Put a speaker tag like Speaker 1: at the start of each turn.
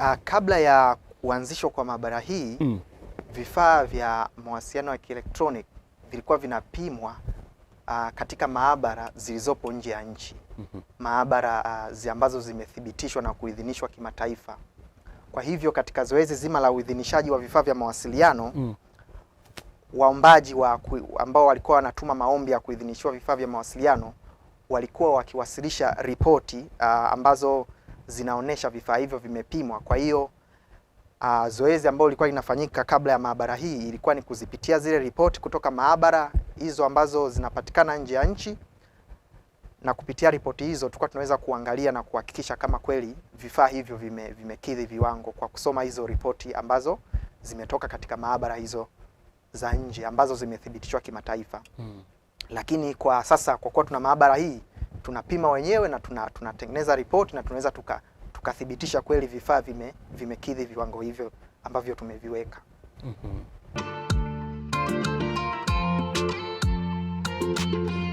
Speaker 1: Uh, kabla ya kuanzishwa kwa maabara hii mm. vifaa vya mawasiliano ya kielektroniki vilikuwa vinapimwa uh, katika maabara zilizopo nje ya nchi mm -hmm. maabara uh, zi ambazo zimethibitishwa na kuidhinishwa kimataifa. Kwa hivyo katika zoezi zima la uidhinishaji wa vifaa vya mawasiliano mm. waombaji wa ambao walikuwa wanatuma maombi ya kuidhinishiwa vifaa vya mawasiliano walikuwa wakiwasilisha ripoti uh, ambazo zinaonesha vifaa hivyo vimepimwa. Kwa hiyo uh, zoezi ambalo lilikuwa linafanyika kabla ya maabara hii ilikuwa ni kuzipitia zile ripoti kutoka maabara hizo ambazo zinapatikana nje ya nchi, na kupitia ripoti hizo tulikuwa tunaweza kuangalia na kuhakikisha kama kweli vifaa hivyo vime, vimekidhi viwango kwa kusoma hizo ripoti ambazo zimetoka katika maabara hizo za nje ambazo zimethibitishwa kimataifa. Hmm. Lakini kwa sasa kwa kuwa tuna maabara hii tunapima wenyewe na tuna, tunatengeneza ripoti na tunaweza tuka tukathibitisha kweli vifaa vime vimekidhi viwango hivyo ambavyo tumeviweka. Mm-hmm.